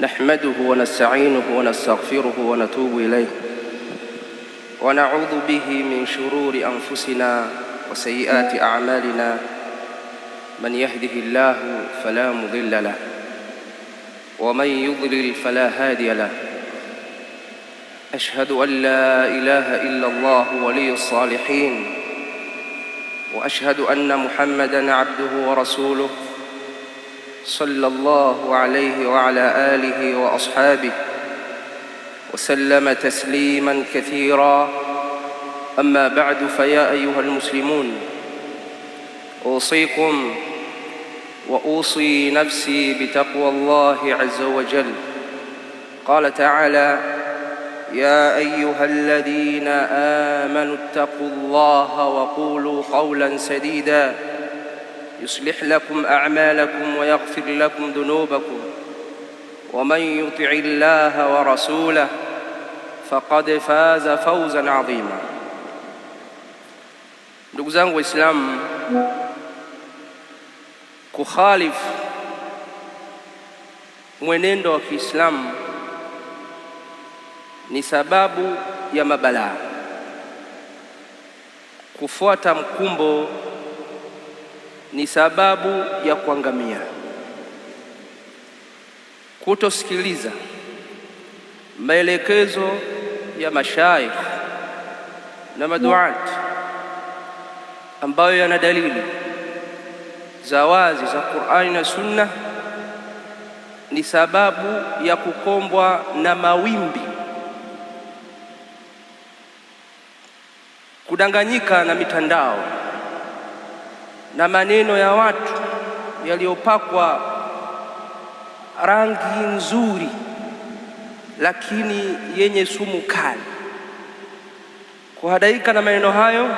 نحمده ونستعينه ونستغفره ونتوب إليه ونعوذ به من شرور أنفسنا وسيئات أعمالنا من يهده الله فلا مضل له ومن يضلل فلا هادي له أشهد أن لا إله إلا الله ولي الصالحين وأشهد أن محمدًا عبده ورسوله صلى الله عليه وعلى آله وأصحابه وسلم تسليما كثيرا أما بعد فيا أيها المسلمون أوصيكم وأوصي نفسي بتقوى الله عز وجل قال تعالى يا أيها الذين آمنوا اتقوا الله وقولوا قولا سديداً يصلح لكم اعمالكم ويغفر لكم ذنوبكم ومن يطع الله ورسوله فقد فاز فوزا عظيما دوغزان واسلام كخالف mwenendo wa kiislamu ni sababu ya mabalaa ni sababu ya kuangamia. Kutosikiliza maelekezo ya mashaikh na maduat ambayo yana dalili za wazi za Qur'ani na Sunna ni sababu ya kukombwa na mawimbi, kudanganyika na mitandao na maneno ya watu yaliyopakwa rangi nzuri, lakini yenye sumu kali. Kuhadaika na maneno hayo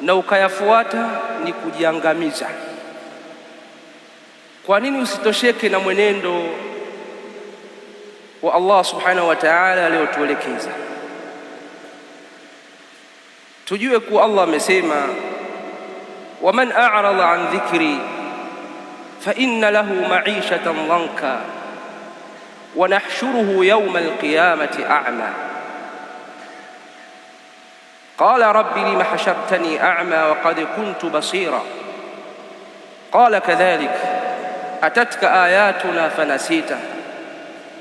na ukayafuata ni kujiangamiza. Kwa nini usitosheke na mwenendo wa Allah subhanahu wa ta'ala aliyotuelekeza? Tujue kuwa Allah amesema ومن أعرض عن ذكري فإن له معيشة ضنكا ونحشره يوم القيامة أعمى قال رب لم حشرتني أعمى وقد كنت بصيرا قال كذلك أتتك آياتنا فنسيتها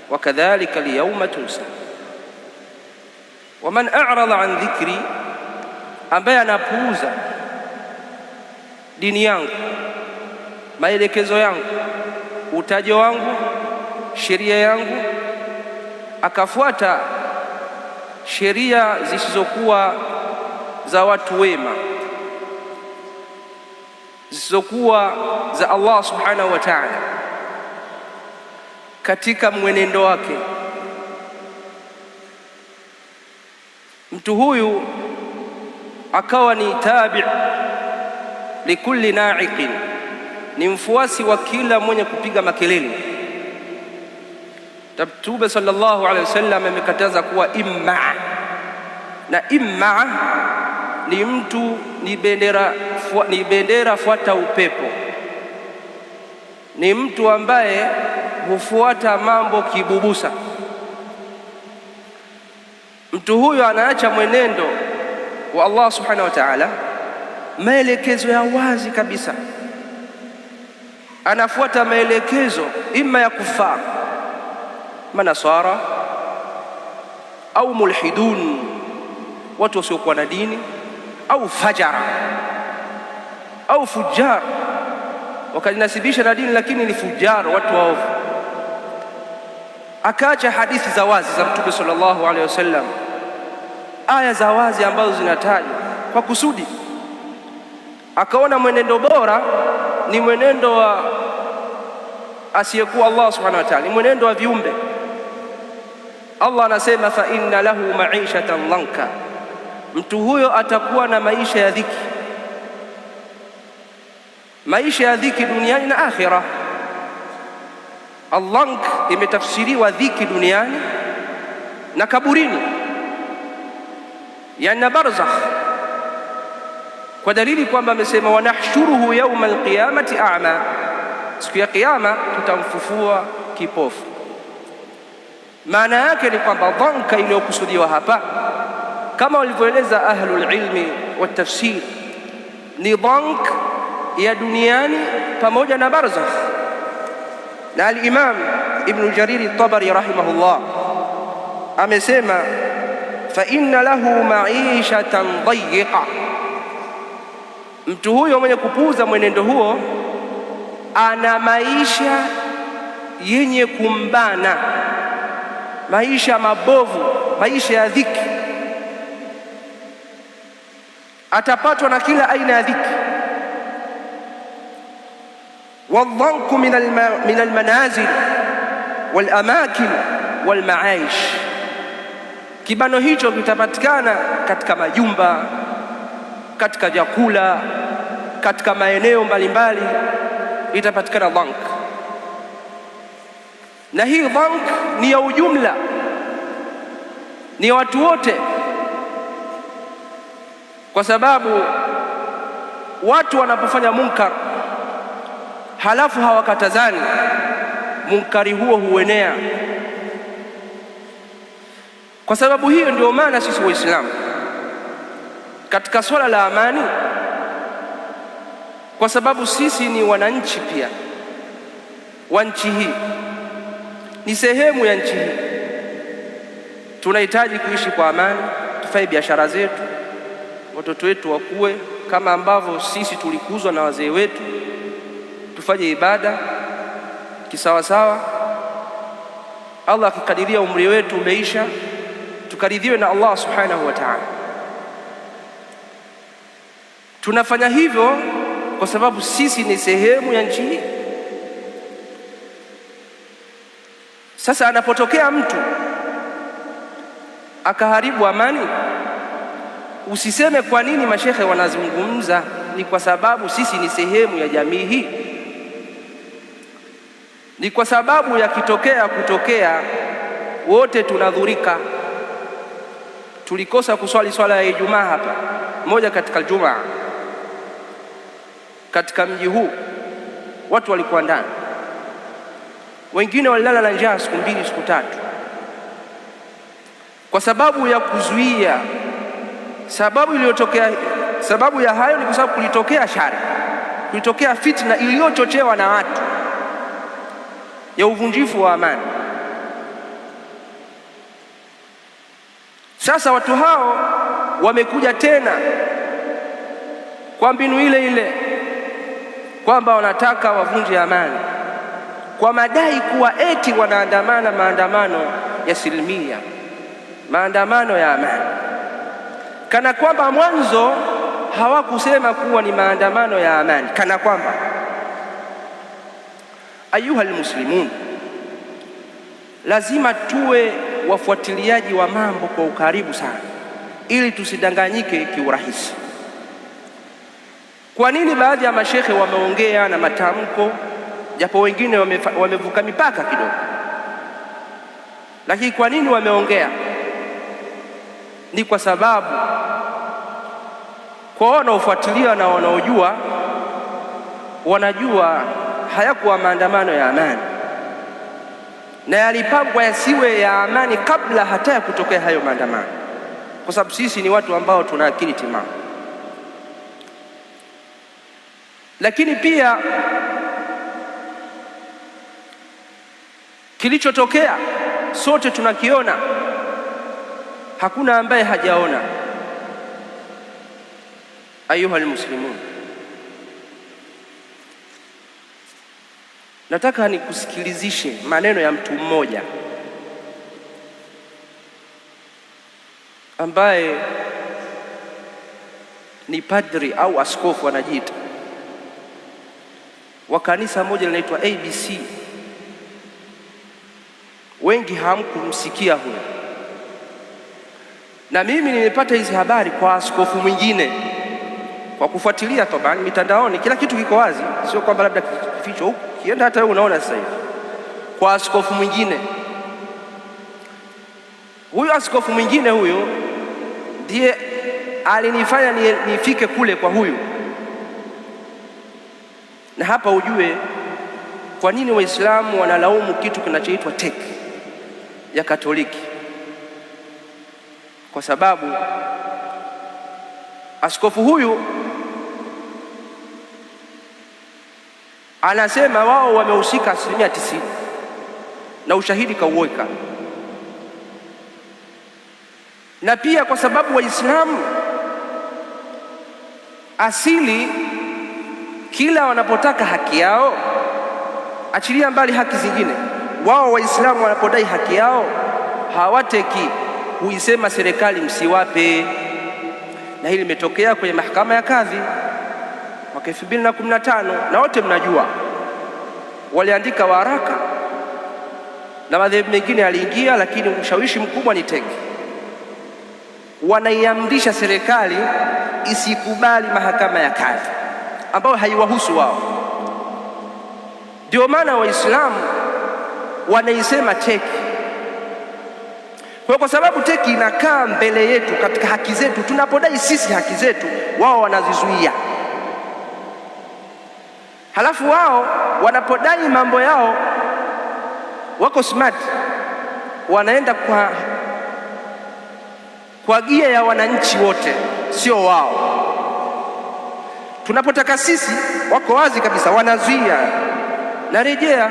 وكذلك اليوم تنسى ومن أعرض عن ذكري ambaye بوزا dini yangu, maelekezo yangu, utajo wangu, sheria yangu, akafuata sheria zisizokuwa za watu wema, zisizokuwa za Allah subhanahu wa ta'ala, katika mwenendo wake mtu huyu akawa ni tabi' likulli na'iqin, ni mfuasi wa kila mwenye kupiga makelele. Mtume sallallahu alaihi wasallam amekataza kuwa imma na imma ni mtu ni bendera, ni bendera fuata upepo, ni mtu ambaye hufuata mambo kibubusa. Mtu huyo anaacha mwenendo wa Allah subhanahu wa ta'ala maelekezo ya wazi kabisa, anafuata maelekezo ima ya kufaa manasara au mulhidun, watu wasiokuwa na dini, au fajara au fujar, wakajinasibisha na dini lakini ni fujar, watu waovu. Akaacha hadithi za wazi za Mtume sallallahu alaihi wasallam, aya za wazi ambazo zinatajwa kwa kusudi akaona mwenendo bora ni mwenendo wa asiyekuwa Allah subhanahu wa ta'ala, ni mwenendo wa viumbe. Allah anasema fa inna lahu ma'ishatan lanka mtu huyo atakuwa na maisha ya dhiki, maisha ya dhiki duniani na akhira. Allank imetafsiriwa dhiki duniani na kaburini, yani na barzakh kwa dalili kwamba amesema wanahshuruhu yauma alqiyamati a'ma, siku ya kiyama tutamfufua kipofu. Maana yake ni kwamba dhanka iliyokusudiwa hapa kama walivyoeleza ahlul ilmi wa tafsir ni dhank ya duniani pamoja na barzakh. Na al-Imam Ibn Jarir at Tabari rahimahullah amesema fa inna lahu ma'ishatan dayiqa Mtu huyo mwenye kupuuza mwenendo huo ana maisha yenye kumbana, maisha mabovu, maisha ya dhiki. Atapatwa na kila aina ya dhiki. Waldhanku min almanazil walamakin walmaaish, kibano hicho kitapatikana katika majumba katika vyakula, katika maeneo mbalimbali itapatikana dhank, na hii dhank ni ya ujumla, ni ya watu wote, kwa sababu watu wanapofanya munkar halafu hawakatazani, munkari huo huenea. Kwa sababu hiyo, ndio maana sisi Waislamu katika swala la amani, kwa sababu sisi ni wananchi pia wa nchi hii, ni sehemu ya nchi hii. Tunahitaji kuishi kwa amani, tufanye biashara zetu, watoto wetu wakue kama ambavyo sisi tulikuzwa na wazee wetu, tufanye ibada kisawasawa. Allah akikadiria umri wetu umeisha, tukaridhiwe na Allah subhanahu wa ta'ala. Tunafanya hivyo kwa sababu sisi ni sehemu ya nchi hii. Sasa anapotokea mtu akaharibu amani, usiseme kwa nini mashehe wanazungumza. Ni kwa sababu sisi ni sehemu ya jamii hii, ni kwa sababu yakitokea kutokea wote tunadhurika. Tulikosa kuswali swala ya Ijumaa hapa moja katika Ijumaa katika mji huu watu walikuwa ndani, wengine walilala na njaa siku mbili siku tatu, kwa sababu ya kuzuia sababu iliyotokea. Sababu ya hayo ni kwa sababu kulitokea shari, kulitokea fitna iliyochochewa na watu ya uvunjifu wa amani. Sasa watu hao wamekuja tena kwa mbinu ile ile kwamba wanataka wavunje amani kwa madai kuwa eti wanaandamana maandamano ya silimia maandamano ya amani, kana kwamba mwanzo hawakusema kuwa ni maandamano ya amani, kana kwamba. Ayuha almuslimun, lazima tuwe wafuatiliaji wa mambo kwa ukaribu sana, ili tusidanganyike kiurahisi. Kwa nini baadhi ya mashekhe wameongea na matamko, japo wengine wamevuka mipaka kidogo, lakini kwa nini wameongea? Ni kwa sababu kwa wanaofuatilia na wanaojua wanajua hayakuwa maandamano ya amani, na yalipangwa yasiwe ya amani kabla hata ya kutokea hayo maandamano, kwa sababu sisi ni watu ambao tuna akili timamu. Lakini pia kilichotokea sote tunakiona, hakuna ambaye hajaona. Ayuha almuslimun, nataka nikusikilizishe maneno ya mtu mmoja ambaye ni padri au askofu anajiita wa kanisa moja linaitwa ABC. Wengi hamkumsikia huyo, na mimi nimepata hizi habari kwa askofu mwingine, kwa kufuatilia toba mitandaoni. Kila kitu kiko wazi, sio kwamba labda kificho huko, kienda, hata wewe unaona sasa hivi, kwa askofu mwingine huyo. Askofu mwingine huyo ndiye alinifanya nifike kule kwa huyu na hapa ujue kwa nini Waislamu wanalaumu kitu kinachoitwa TEC ya Katoliki, kwa sababu askofu huyu anasema wao wamehusika asilimia tisini na ushahidi kauweka, na pia kwa sababu Waislamu asili kila wanapotaka haki yao, achilia mbali haki zingine. Wao Waislamu wanapodai haki yao hawateki huisema serikali msiwape, na hili limetokea kwenye mahakama ya kadhi mwaka 2015 na wote mnajua, waliandika waraka na madhehebu mengine yaliingia, lakini ushawishi mkubwa ni teki. Wanaiamrisha serikali isikubali mahakama ya kadhi ambayo haiwahusu wao. Ndio maana Waislamu wanaisema teki kwa, kwa sababu teki inakaa mbele yetu katika haki zetu. Tunapodai sisi haki zetu, wao wanazizuia, halafu wao wanapodai mambo yao wako smart, wanaenda kwa, kwa gia ya wananchi wote, sio wao tunapotaka sisi, wako wazi kabisa, wanazuia. Narejea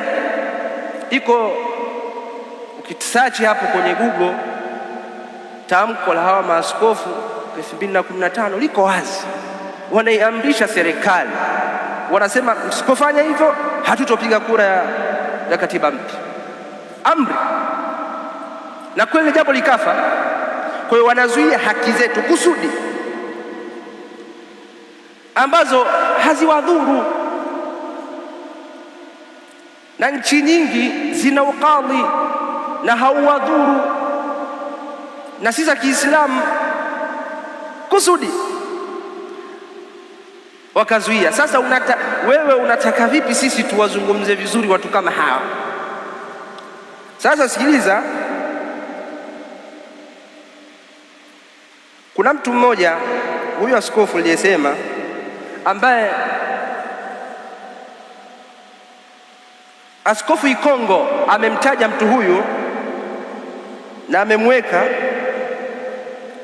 iko ukisearch hapo kwenye Google tamko la hawa maaskofu 2015 liko wazi, wanaiamrisha serikali, wanasema msipofanya hivyo hatutopiga kura ya, ya katiba mpya, amri. Na kweli jambo likafa. Kwa hiyo wanazuia haki zetu kusudi ambazo haziwadhuru, na nchi nyingi zina ukadhi na hauwadhuru, na si za Kiislamu kusudi wakazuia. Sasa unata, wewe unataka vipi sisi tuwazungumze vizuri watu kama hawa? Sasa sikiliza, kuna mtu mmoja huyu askofu aliyesema ambaye Askofu Ikongo amemtaja mtu huyu na amemweka,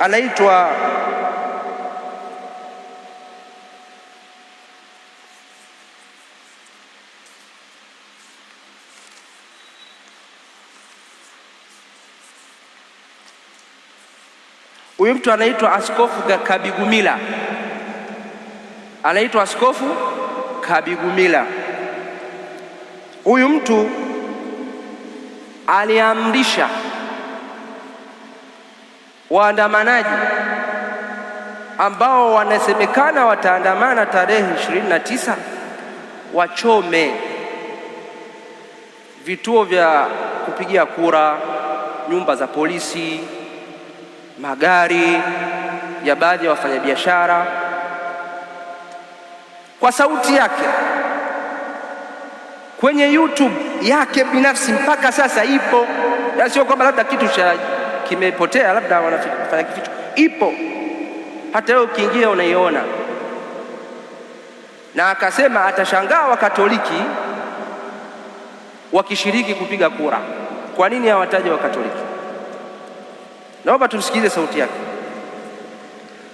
anaitwa huyu mtu anaitwa Askofu Kabigumila anaitwa Askofu Kabigumila. Huyu mtu aliamrisha waandamanaji ambao wanasemekana wataandamana tarehe 29 wachome vituo vya kupigia kura, nyumba za polisi, magari ya baadhi ya wafanyabiashara kwa sauti yake kwenye YouTube yake binafsi mpaka sasa ipo, na sio kwamba labda kitu cha kimepotea, labda wanafanya kitu, ipo hata wewe ukiingia unaiona. Na akasema atashangaa Wakatoliki wakishiriki kupiga kura. Kwa nini hawataja Wakatoliki? Naomba tumsikilize sauti yake,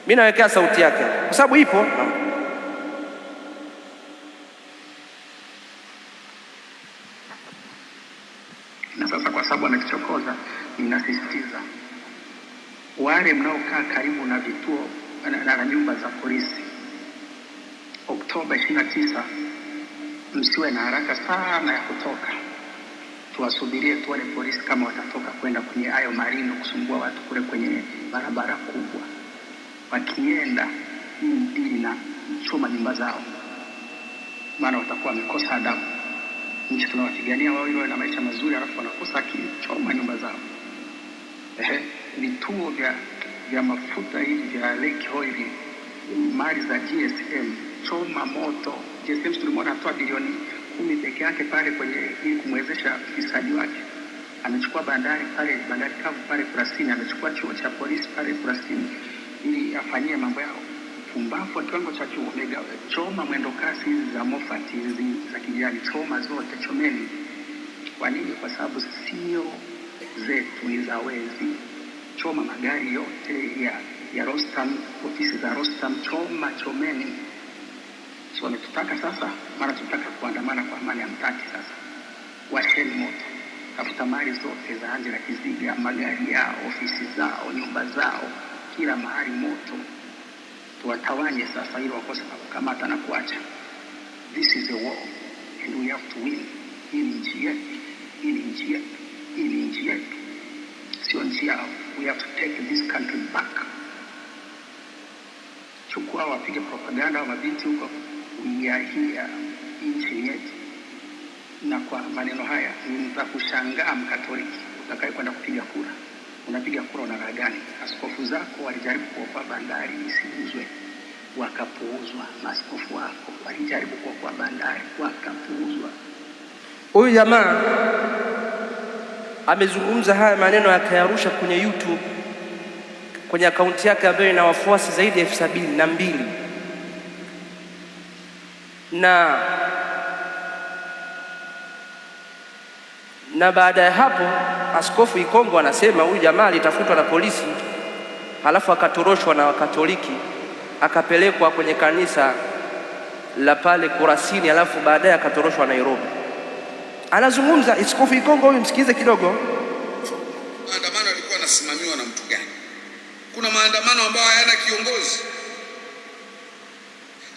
mimi nawekea sauti yake kwa sababu ipo. inasisitiza wale mnaokaa karibu na vituo na, na nyumba za polisi Oktoba 29 msiwe na haraka sana ya kutoka, tuwasubirie tuone polisi kama watatoka kwenda kwenye hayo marino kusumbua watu kule kwenye barabara kubwa. Wakienda hii mdili na choma nyumba zao, maana watakuwa wamekosa adabu. Nchi tunawapigania wao ili wawe na maisha mazuri, alafu wanakosa akichoma nyumba zao vituo vya, vya mafuta hivi vya Lake Oil, mali za GSM choma moto. GSM tulimwona atoa bilioni kumi peke yake pale kwenye ili kumwezesha ufisadi wake. Amechukua bandari pale, bandari kavu pale Kurasini, amechukua chuo cha polisi pale Kurasini ili afanyie mambo yao pumbavu wa kiwango cha juu. Mega choma mwendo kasi hizi za mofati hizi za kijani, choma zote, chomeni. Kwa nini? Kwa sababu sio zetu za wezi, choma magari yote ya ya Rostam, ofisi za Rostam, choma chomeni. So wametutaka sasa, mara tutaka kuandamana kwa amani, amtaki sasa, washeni moto, tafuta mali zote za Angela Kiziga, magari yao, ofisi zao, nyumba zao, kila mahali moto, tuwatawanye sasa ili wakose kukamata na kuacha. This is a war and we have to win. Hii ni nchi yetu, hii ni nchi yetu in nchi yetu, sio nchi yao. We have to take this country back. Chukua wapige propaganda wa mabinti huko, uiahia nchi yetu. Na kwa maneno haya nitakushangaa Mkatoliki utakaye kwenda kupiga kura. Unapiga kura una raha gani? Askofu zako walijaribu kuokoa bandari isiuzwe, wakapuuzwa. maskofu wako walijaribu kuokoa bandari, wakapuuzwa. Huyu jamaa amezungumza haya maneno akayarusha kwenye YouTube kwenye akaunti yake ambayo ina wafuasi zaidi ya elfu sabini na mbili na na baada ya hapo Askofu Ikongo anasema huyu jamaa alitafutwa na polisi, halafu akatoroshwa na Wakatoliki akapelekwa kwenye kanisa la pale Kurasini, halafu baadaye akatoroshwa Nairobi. Anazungumza Iskofu Ikongo huyu, msikilize kidogo. Maandamano yalikuwa yanasimamiwa na mtu gani? Kuna maandamano ambayo hayana kiongozi,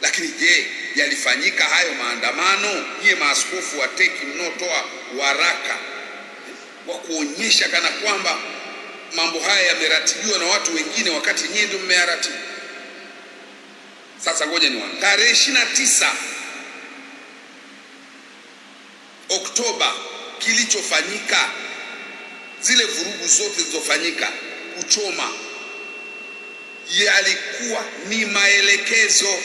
lakini je, yalifanyika hayo maandamano? Nyie maaskofu wa teki mnaotoa waraka wa kuonyesha kana kwamba mambo haya yameratibiwa na watu wengine, wakati nyinyi ndio mmeyaratibu. Sasa ngoja ni tarehe ishirini na tisa Oktoba kilichofanyika, zile vurugu zote zilizofanyika kuchoma, yalikuwa ni maelekezo,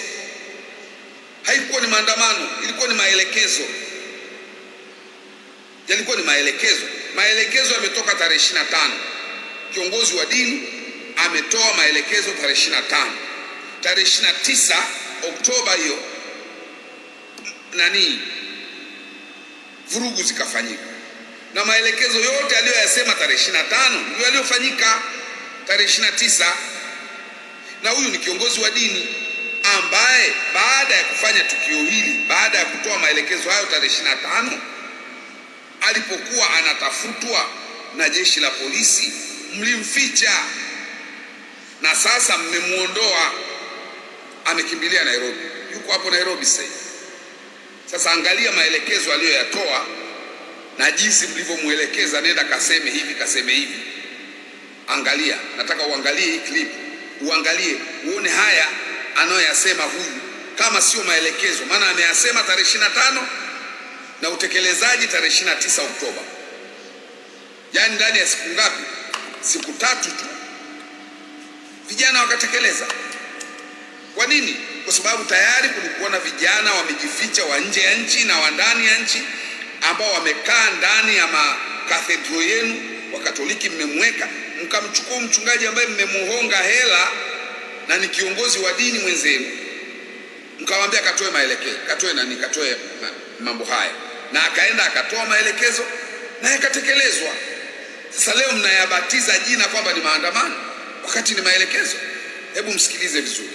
haikuwa ni maandamano, ilikuwa ni maelekezo, yalikuwa ni maelekezo. Maelekezo yametoka tarehe 25, kiongozi wa dini ametoa maelekezo tarehe 25, tarehe 29 Oktoba hiyo nani vurugu zikafanyika, na maelekezo yote aliyoyasema tarehe 25 ndio yaliyofanyika tarehe 29. Na huyu ni kiongozi wa dini ambaye baada ya kufanya tukio hili, baada ya kutoa maelekezo hayo tarehe 25, alipokuwa anatafutwa na jeshi la polisi mlimficha, na sasa mmemwondoa, amekimbilia Nairobi, yuko hapo Nairobi sasa. Sasa angalia maelekezo aliyoyatoa na jinsi mlivyomwelekeza, nenda kaseme hivi, kaseme hivi. Angalia, nataka uangalie hii clip, uangalie uone haya anayoyasema huyu, kama sio maelekezo, maana ameyasema tarehe 25 na utekelezaji tarehe 29 Oktoba, yaani ndani ya siku ngapi? Siku tatu tu vijana wakatekeleza. Kwa nini? kwa sababu tayari kulikuwa na vijana wamejificha wa nje ya nchi na wa ndani ya nchi ambao wamekaa ndani ya makathedro yenu wa Katoliki, mmemweka mkamchukua mchungaji ambaye mmemuhonga hela na ni kiongozi wa dini mwenzenu, mkamwambia katoe maelekezo, katoe nani, katoe mambo haya, na akaenda akatoa maelekezo na yakatekelezwa. Sasa leo mnayabatiza jina kwamba ni maandamano wakati ni maelekezo. Hebu msikilize vizuri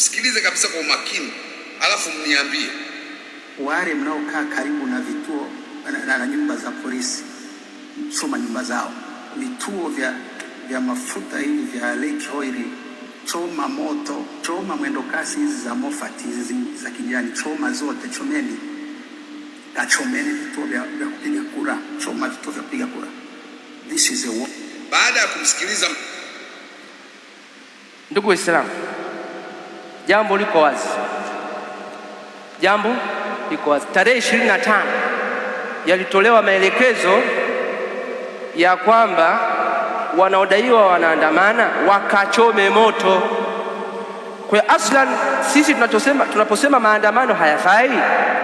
msikilize kabisa kwa umakini, alafu mniambie. Wale mnaokaa karibu na vituo na, na, na nyumba za polisi, choma nyumba zao. Vituo vya, vya mafuta hivi vya lake oil choma moto, choma mwendo kasi hizi za mofati hizi za kijani, choma zote, chomeni na chomeni vituo vya kupiga kura, choma vituo vya kupiga kura. This is a war. Baada ya kumsikiliza ndugu Waislamu Jambo liko wazi, jambo liko wazi. Tarehe ishirini na tano yalitolewa maelekezo ya kwamba wanaodaiwa wanaandamana wakachome moto. Kwa aslan, sisi tunachosema, tunaposema maandamano hayafai,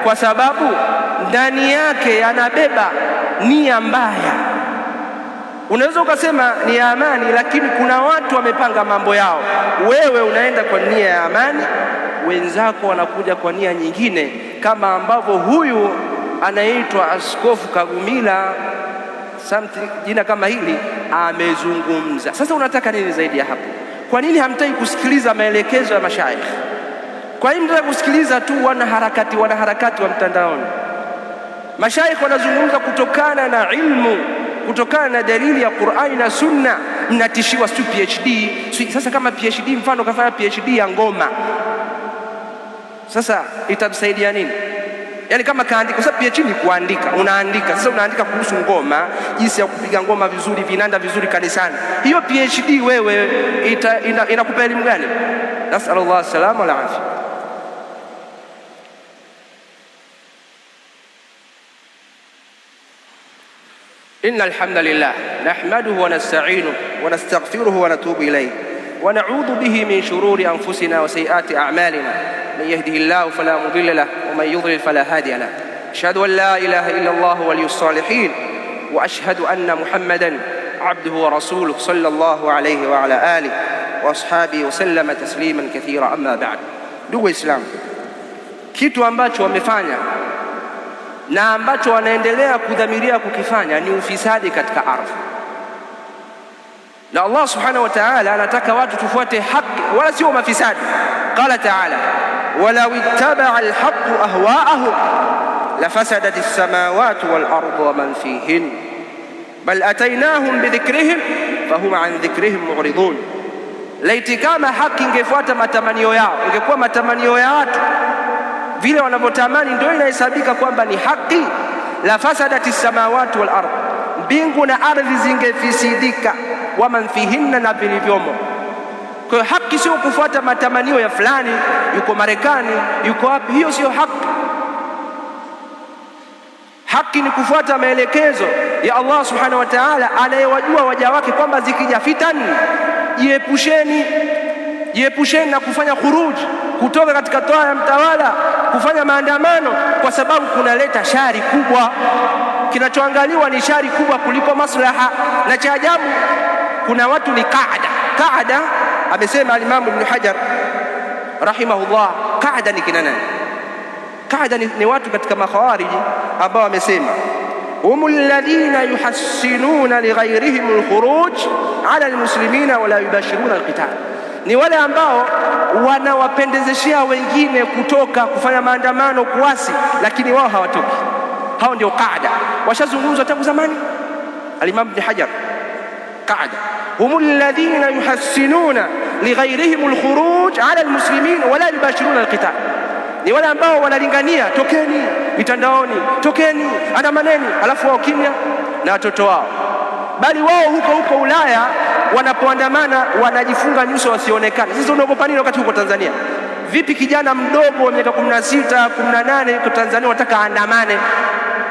kwa sababu ndani yake yanabeba nia mbaya Unaweza ukasema ni ya amani, lakini kuna watu wamepanga mambo yao. Wewe unaenda kwa nia ya amani, wenzako wanakuja kwa nia nyingine, kama ambavyo huyu anaitwa Askofu Kagumila something, jina kama hili amezungumza. Sasa unataka nini zaidi ya hapo? Kwa nini hamtaki kusikiliza maelekezo ya mashaikh? Kwa nini mnataka kusikiliza tu wanaharakati wanaharakati wa mtandaoni? Mashaikh wanazungumza kutokana na ilmu kutokana na dalili ya Qur'ani na Sunna mnatishiwa si PhD. Sasa kama PhD, mfano kafanya PhD ya ngoma, sasa itamsaidia nini? Yaani kama kaandika, sasa PhD ni kuandika, unaandika sasa, unaandika kuhusu ngoma, jinsi ya kupiga ngoma vizuri, vinanda vizuri kanisani. Hiyo PhD wewe inakupa ina elimu gani? Nasallallahu alaihi wasallam. إن الحمد لله نحمده ونستعينه ونستغفره ونتوب إليه ونعوذ به من شرور أنفسنا وسيئات أعمالنا من يهده الله فلا مضل له ومن يضلل فلا هادي له أشهد أن لا إله إلا الله ولي الصالحين وأشهد أن محمدا عبده ورسوله صلى الله عليه وعلى آله وأصحابه وسلم تسليما كثيرا أما بعد دو إسلام كيتو أمباتو أمفانيا na ambacho wanaendelea kudhamiria kukifanya ni ufisadi katika ardhi. Na Allah subhanahu wa ta'ala anataka watu tufuate haki, wala sio mafisadi. Qala ta'ala walau ittabaa alhaqu ahwaahum wal ardu wa man fihin bal atainahum bidhikrihim fahum an dhikrihim muridun, laiti kama haki ingefuata matamanio yao, ingekuwa matamanio ya watu vile wanavyotamani, ndio inahesabika kwamba ni haki. la fasadati samawati wal ardh, mbingu na ardhi zingefisidika, waman fihinna, na vilivyomo. Kwa hiyo haki sio kufuata matamanio ya fulani, yuko Marekani, yuko wapi. Hiyo siyo haki. Haki ni kufuata maelekezo ya Allah subhanahu wa ta'ala, anayewajua waja wake kwamba zikija fitani, jiepusheni jiepusheni na kufanya khuruji kutoka katika toa ya mtawala kufanya maandamano kwa sababu kunaleta shari kubwa. Kinachoangaliwa ni shari kubwa kuliko maslaha. Na cha ajabu, kuna watu ni kaada kaada. Amesema alimamu Ibn Hajar rahimahullah, kaada ni kina nani? Kaada ni, ni watu katika makhawariji ambao wamesema humu alladhina yuhassinuna lighairihim alkhuruj ala almuslimina wala yubashiruna alqital ni wale ambao wanawapendezeshea wengine kutoka kufanya maandamano, kuasi, lakini wao hawatoki. Hao ndio qaada, washazungumzwa tangu zamani. Alimamu Ibn Hajar, qaada humu alladhina yuhassinuna lighairihim alkhuruj ala almuslimin wala yubashiruna alqital, ni wale ambao wanalingania, tokeni mitandaoni, tokeni andamaneni, alafu wao kimya na watoto wao bali wao huko huko Ulaya wanapoandamana wanajifunga nyuso wasionekane. Sisi unaogopa nini wakati huko Tanzania? Vipi kijana mdogo wa miaka 16, 18 huko Tanzania wanataka aandamane,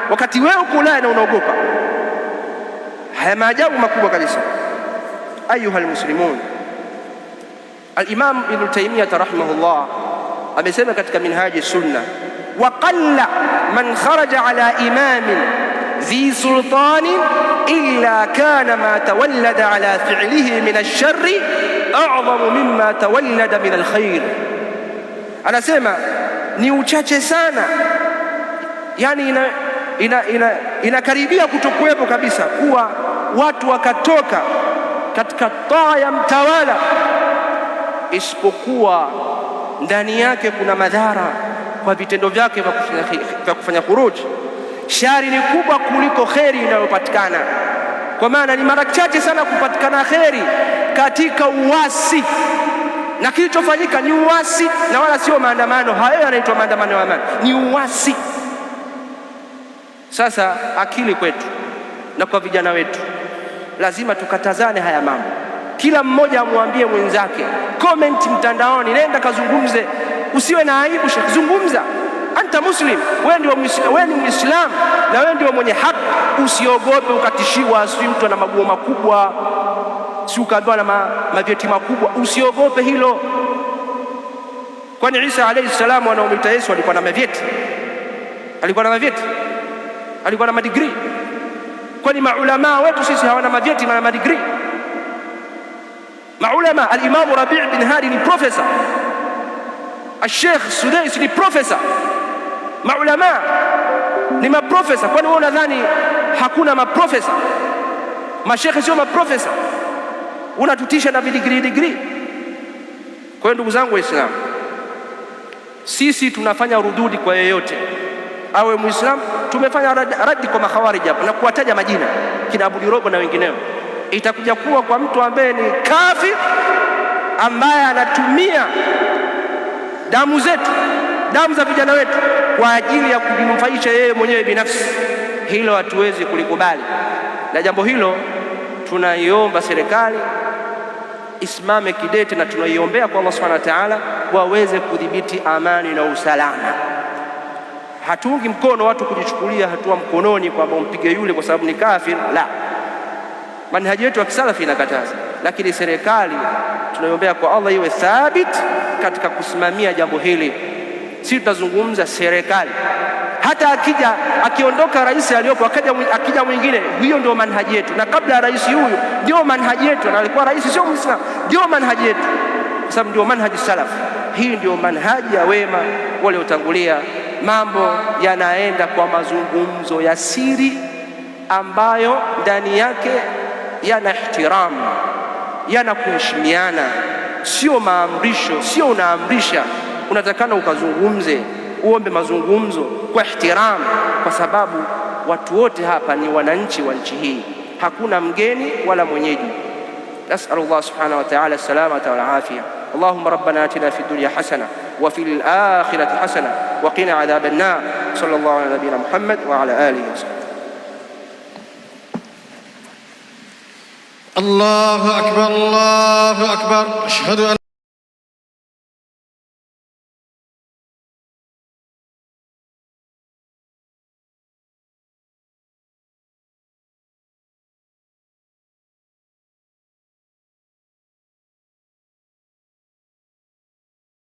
wakati wewe uko Ulaya na unaogopa? Haya maajabu makubwa kabisa. Ayuha almuslimun, Alimamu Ibnu Taimiyat rahimahullah amesema katika Minhaji Sunna, wa qalla man kharaja ala imamin ذي سلطان إلا كان ما تولد على فعله من الشر أعظم mima tawallada min alkhair, anasema ni uchache sana, yani inakaribia ina, ina, ina kutokuwepo kabisa, kuwa watu wakatoka katika taa ya mtawala, isipokuwa ndani yake kuna madhara kwa vitendo vyake vya kufanya khuruji shari ni kubwa kuliko kheri inayopatikana, kwa maana ni mara chache sana kupatikana kheri katika uasi, na kilichofanyika ni uasi na wala sio maandamano. Hayo yanaitwa maandamano ya amani, ni uasi. Sasa akili kwetu na kwa vijana wetu, lazima tukatazane haya mambo. Kila mmoja amwambie mwenzake, komenti mtandaoni, nenda kazungumze, usiwe na aibu, zungumza anta muslim, wewe ni Muislam na wewe ndio mwenye haki. Usiogope ukatishiwa, si mtu ana maguo makubwa, si ukaambiwa na mavyeti makubwa. Usiogope hilo, kwani Isa alayhi salam wanaomwita Yesu alikuwa na mavyeti, alikuwa na mavyeti, alikuwa na madigrii. Kwani maulamaa wetu sisi hawana mavyeti na madigrii? Maulama, Alimamu Rabi' bin Hadi ni profesa, Alshekh Sudais ni profesa maulamaa ni maprofesa. Kwani wewe unadhani hakuna maprofesa? Mashekhe sio maprofesa? Unatutisha na vidigrii digrii. Kwa hiyo ndugu zangu Waislamu, sisi tunafanya rududi kwa yeyote awe Muislamu. Tumefanya radi kwa makhawariji hapa na kuwataja majina kina Dirogo na wengineo. Itakuja kuwa kwa mtu ambaye ni kafi, ambaye anatumia damu zetu damu za vijana wetu kwa ajili ya kujinufaisha yeye mwenyewe binafsi. Hilo hatuwezi kulikubali, na jambo hilo tunaiomba serikali isimame kidete, na tunaiombea kwa Allah subhanahu wa ta'ala waweze kudhibiti amani na usalama. Hatuungi mkono watu kujichukulia hatua mkononi kwamba umpige yule kwa sababu ni kafir. La, manhaji yetu ya kisalafi inakataza, lakini serikali tunaiombea kwa Allah iwe thabit katika kusimamia jambo hili si tutazungumza serikali. Hata akija akiondoka rais aliyopo, akija mwingine, hiyo ndio manhaji yetu, na kabla ya rais huyu ndio manhaji yetu, na alikuwa rais sio Muislamu, ndio manhaji yetu, kwa sababu ndio manhaji salaf. Hii ndio manhaji ya wema waliotangulia. Mambo yanaenda kwa mazungumzo ya siri ambayo ndani yake yana ihtiramu, yana kuheshimiana, sio maamrisho, sio unaamrisha unatakana ukazungumze, uombe mazungumzo kwa ihtiramu, kwa sababu watu wote hapa ni wananchi wa nchi hii, hakuna mgeni wala mwenyeji. Nasalu Allah subhanahu wa ta'ala salamata wal afia. Allahumma rabbana atina fi dunya hasana wa fil akhirati hasana wa qina adhaban nar. Sallallahu ala nabiyina Muhammad wa ala alihi wa sahbihi. الله أكبر الله أكبر أشهد أن